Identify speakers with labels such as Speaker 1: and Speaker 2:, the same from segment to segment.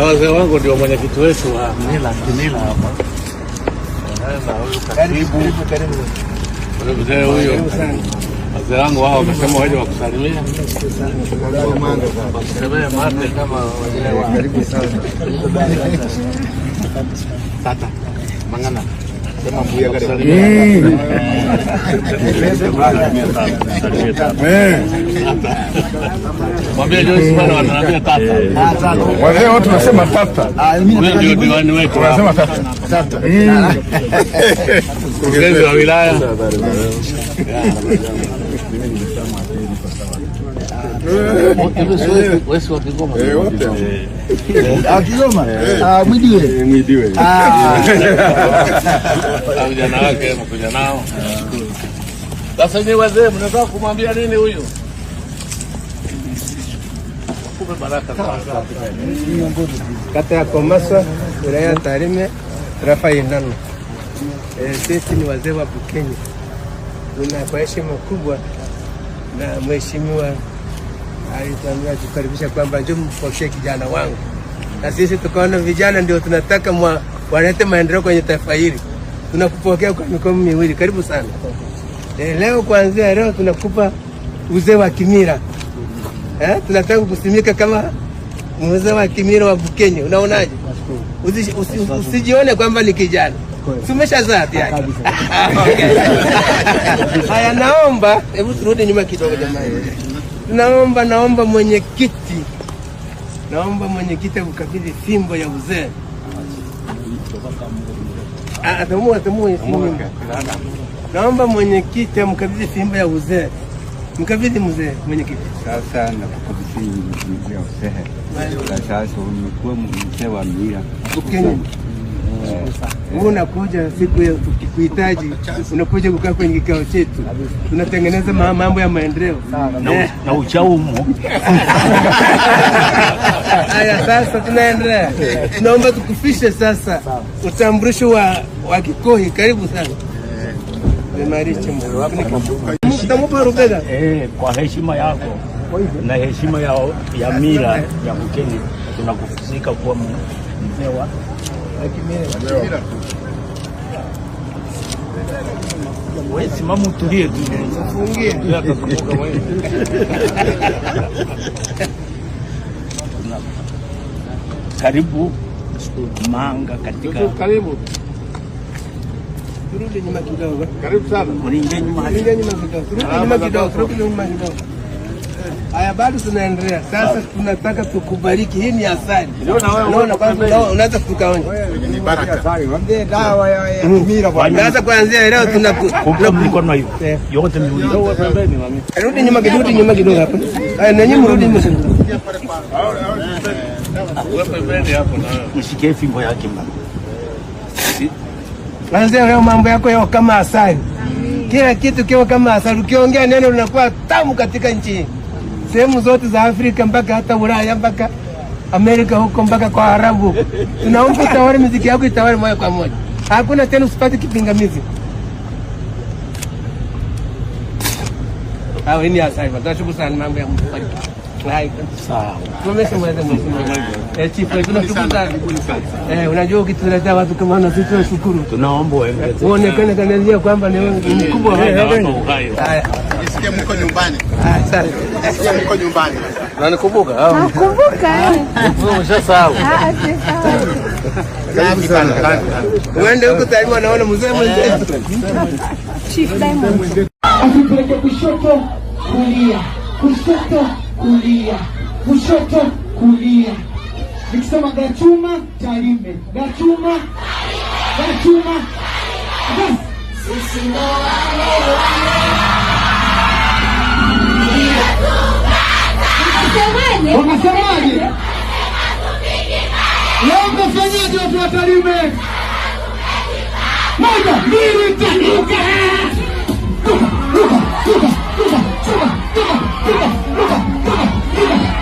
Speaker 1: Wazee wangu ndio mwenyekiti wetu wa mila
Speaker 2: kimila hapa, huyu
Speaker 1: katibu, mzee
Speaker 2: huyo wazee wangu wao wamesema waje
Speaker 1: wakusalimia wakusemee mate tata
Speaker 2: mangana eh. eh. eh.
Speaker 1: ah, wazee wote tunasema
Speaker 2: tata, ah, ndio diwani
Speaker 1: wetu tunasema tata,
Speaker 2: mkurugenzi wa
Speaker 1: wilaya Wesi wa wazee mnataka kumwambia nini Kata
Speaker 2: ya Komasa, wilaya ya Tarime, tarafa ya eh, Sisi ni wazee wa Bukenya, nina kwa heshima kubwa na mheshimiwa alituambia tukaribisha kwamba njoo mpokee kijana wangu, na sisi tukaona vijana ndio tunataka mwa, walete maendeleo kwenye taifa hili. Tunakupokea kwa mikono miwili, karibu sana. E, leo kuanzia leo tunakupa uzee wa kimira eh, tunataka kusimika kama mzee wa kimira wa Bukenya. Unaonaje? usijione kwamba ni kijana Sumeshazaa tayari. Haya, naomba hebu turudi nyuma kidogo jamani. Naomba, naomba mwenyekiti, naomba mwenyekiti ukabidhi fimbo ya uzee atamua. Ah, ah, naomba mwenyekiti amkabidhi fimbo ya uzee, mkabidhi mzee mwenyekiti.
Speaker 1: Sasa nakukabidhi fimbo ya uzee. Sasa umekuwa mzee wa mila
Speaker 2: wewe unakuja siku ya ukikuhitaji, unakuja kukaa kwenye kikao chetu, tunatengeneza mambo ya maendeleo
Speaker 1: na uchaumu
Speaker 2: Haya, sasa tunaendelea, tunaomba tukufishe sasa utambulisho wa, wa Kikohi. Karibu sana eh, kwa heshima yako na heshima ya, ya mila ya
Speaker 1: Mkenya tunakufuzika kuwa mmewa wewe simama utulie, karibu Manga katika
Speaker 2: karibu turudi nyuma kidogo,
Speaker 1: karibu sana, nyuma
Speaker 2: kidogo, nyuma kidogo, nyuma kidogo Haya, bado tunaendelea sasa, tunataka tukubariki. Hii ni asali, unaweza tukaonja, ni baraka. Dawa ya kimila mm. sasa, kuanzia leo yote. Rudi nyuma kidogo, rudi nyuma kidogo hapo. Haya, na nyinyi mrudi nyuma. Ushike fimbo yake mama. Kuanzia leo mambo yako yao kama asali, kila kitu kiwa kama asali. Ukiongea neno linakuwa tamu katika nchi hii sehemu zote za Afrika mpaka hata Ulaya mpaka Amerika huko mpaka kwa Arabu, tunaomba utawale muziki yako itawale moja kwa moja, hakuna tena, usipate kipingamizi. Tunashukuru sana mambo ya Unajua, ukituletea watu kama na sisi tunashukuru, tunaomba uonekane
Speaker 1: kana kwamba ni mkubwa.
Speaker 2: Jisikie mko nyumbani, jisikie mko nyumbani. Unanikumbuka? Nakumbuka.
Speaker 1: Umeshasahau. Uende huko tayari wanaona mzee
Speaker 2: mwenzetu. Chief Diamond. Asipeleke
Speaker 1: kushoto kulia kushoto kulia, kushoto kulia. Nikisema Gachuma
Speaker 2: Tarime, Gachuma Gachuma, yes.
Speaker 1: Sisi watu wa Tarime? Moja, mbili, tatu,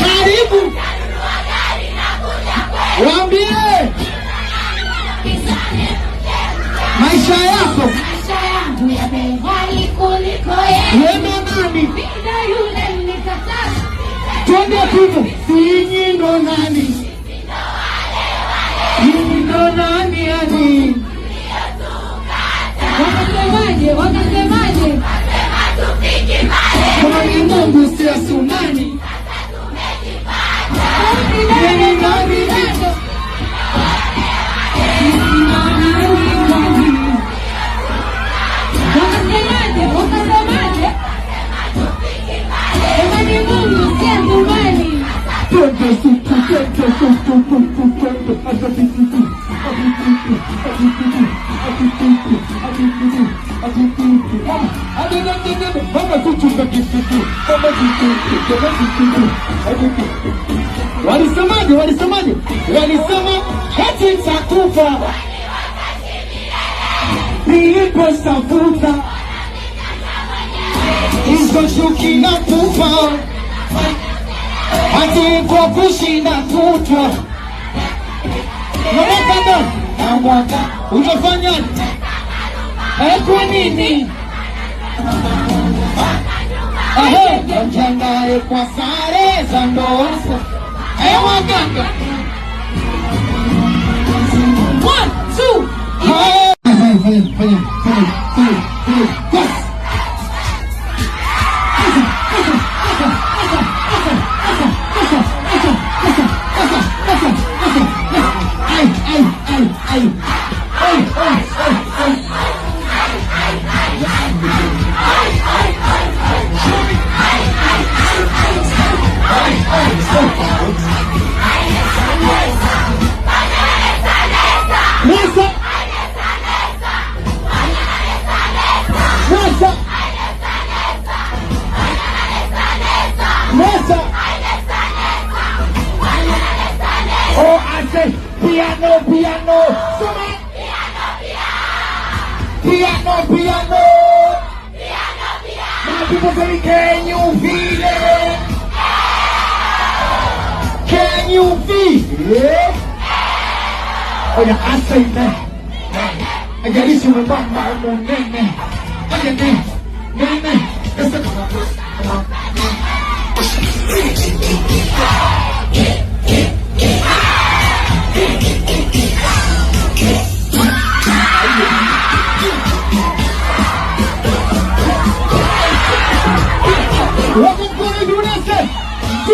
Speaker 1: Karibu waambie maisha
Speaker 2: nani, twende ndo nani?
Speaker 1: Sinyi ndo nani? Walisemaje?
Speaker 2: Walisemaje? Walisema hati takufa
Speaker 1: niliposafuta
Speaker 2: izochuki na kufa
Speaker 1: hati kwa
Speaker 2: kushinda kutwa na
Speaker 1: mwaka utafanyaje? ẹkún nìní. ọjọ́nà èkó
Speaker 2: sáré ìsọ̀dọ̀
Speaker 1: ọ̀sán ẹ̀wọ̀n
Speaker 2: gàngàn. one two. piano piano semen piano piano piano piano
Speaker 1: piano piano piano
Speaker 2: people say can you feel it can you feel it oh yeah I say that I got this human piano my own piano man piano piano piano man man piano the come on come
Speaker 1: on come
Speaker 2: on